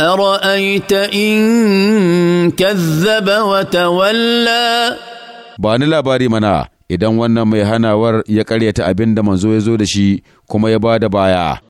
أرأيت إن wa tawalla ba ni labari mana idan wannan mai hanawar ya karyata abinda manzo ya zo da shi kuma ya ba da baya